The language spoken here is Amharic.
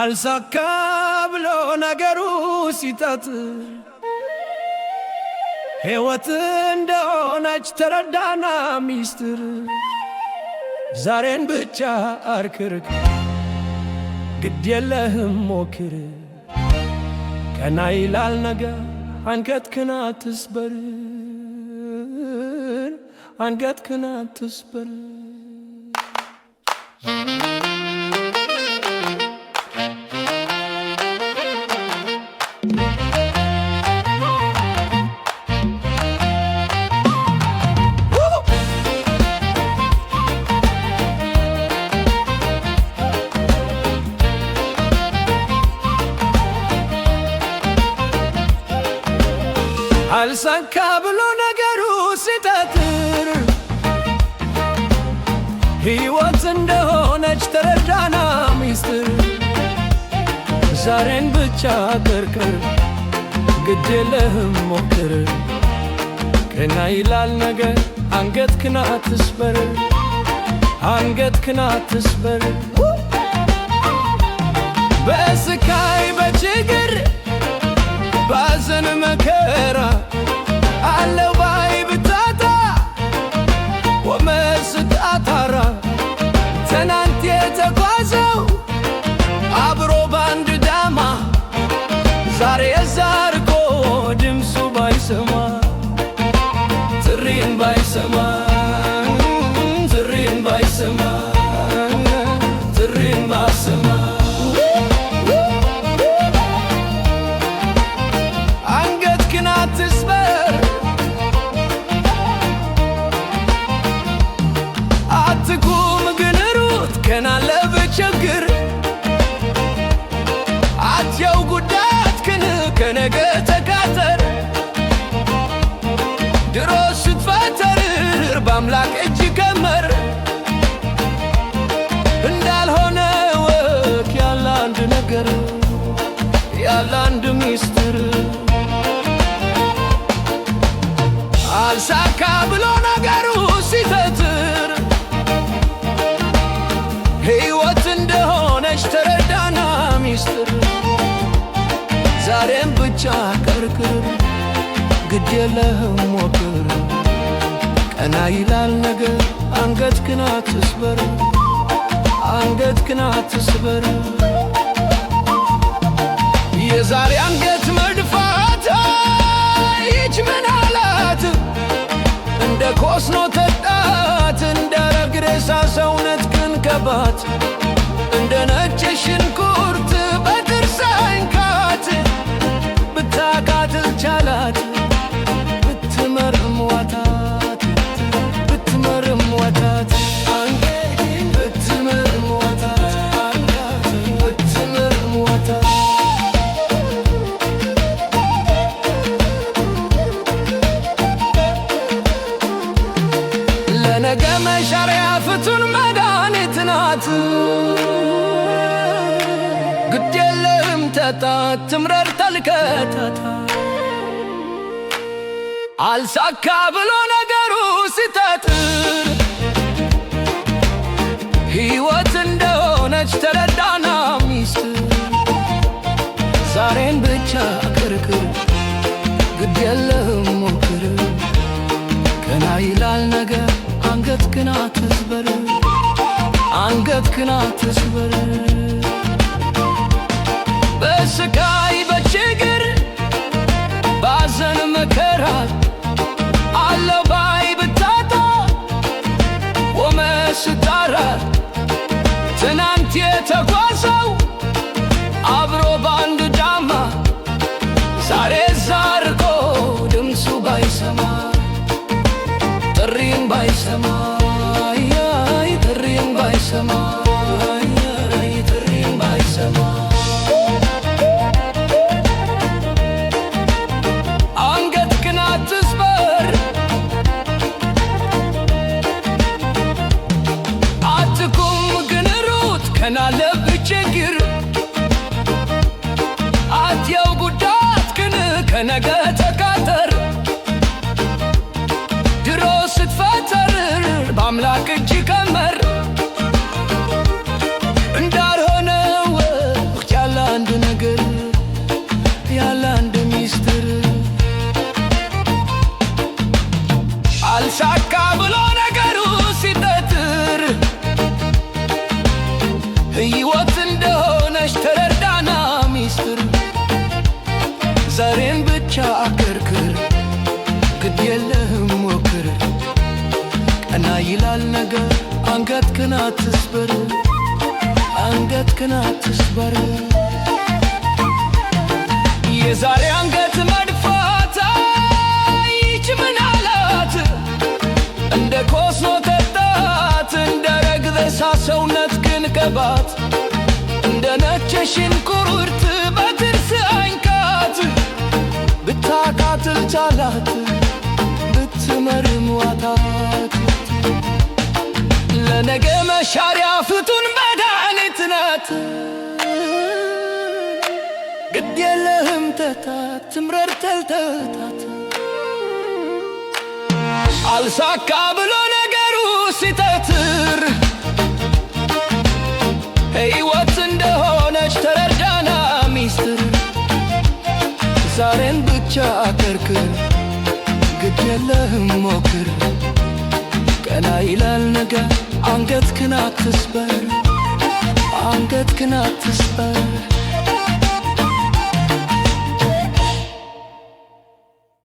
አልሳካ ብሎ ነገሩ ሲጠት ሕይወት እንደሆነች ተረዳና ሚስጥር ዛሬን ብቻ አርክርክ ግድ የለህም ሞክር ቀና ይላል ነገ አንገትክን አትስበር አንገትክን አትስበር አልሳካ ብሎ ነገሩ ሲጠጥር ሕይወት እንደሆነች ተረዳና ሚስጥር ዛሬን ብቻ ቅርቅር ግድ የለህም ሞክር ቀና ይላል ነገር አንገት ክና አትስበር አንገት ክና አትስበር ተካተር ድሮ ስትፈተር በአምላክ እጅ ገመር እንዳልሆነ ወቅ ያለ አንድ ነገር ያለ አንድ ሚስጥር አልሳካ ብሎ ነገሩ ሲተትር ሕይወት እንደሆነች ተረዳና ሚስጥር ዛሬም ብቻ ቅርቅር ግድ የለህም ሞክር ቀና ይላል ነገር አንገት ክን አትስበር አንገት ክን አትስበር የዛሬ አንገት መድፋት ይች ምን አላት እንደ ኮስኖ ተጣት እንደ ረግሬሳ ሰውነት ክንከባት እንደ ነጭ ሽንኩርት ቻላት ብትመርም ዋታት ብትመርም ዋታት ለነገ መሻሪያ ፍቱን መድኃኒት ናት። ግድ የለም ተጣት ትምረር ተልከታታ አልሳካ ብሎ ነገሩ ሲተጥር ሕይወት እንደሆነች ተረዳና ሚስት ዛሬን ብቻ ክርክር ግድ የለህም ሞክር ገና ይላል ነገር አንገት ግና አትስበር አንገት ግና አትስበር በስቃይ በችግር ባዘን መከራ And I got. እና ይላል ነገር አንገት አትስበር፣ አንገትህን አትስበር። የዛሬ አንገት መድፋት ይች ምናላት! እንደ ኮሶ ተጣት እንደ ረግዘሳ ሰውነት ግን ቀባት እንደ ነጭ ሽንኩርት በትርስ አይንካት ብታቃትል ቻላት ሻሪያ ፍቱን መድኃኒት ናት። ግድ የለህም ተታት ትምረር ተልተታት አልሳካ ብሎ ነገሩ ሲተትር ሕይወት እንደሆነች ተረዳና ሚስትር ዛሬን ብቻ አከርክር ግድ የለህም ሞክር አንገትህን አትስበር፣ አንገትህን አትስበር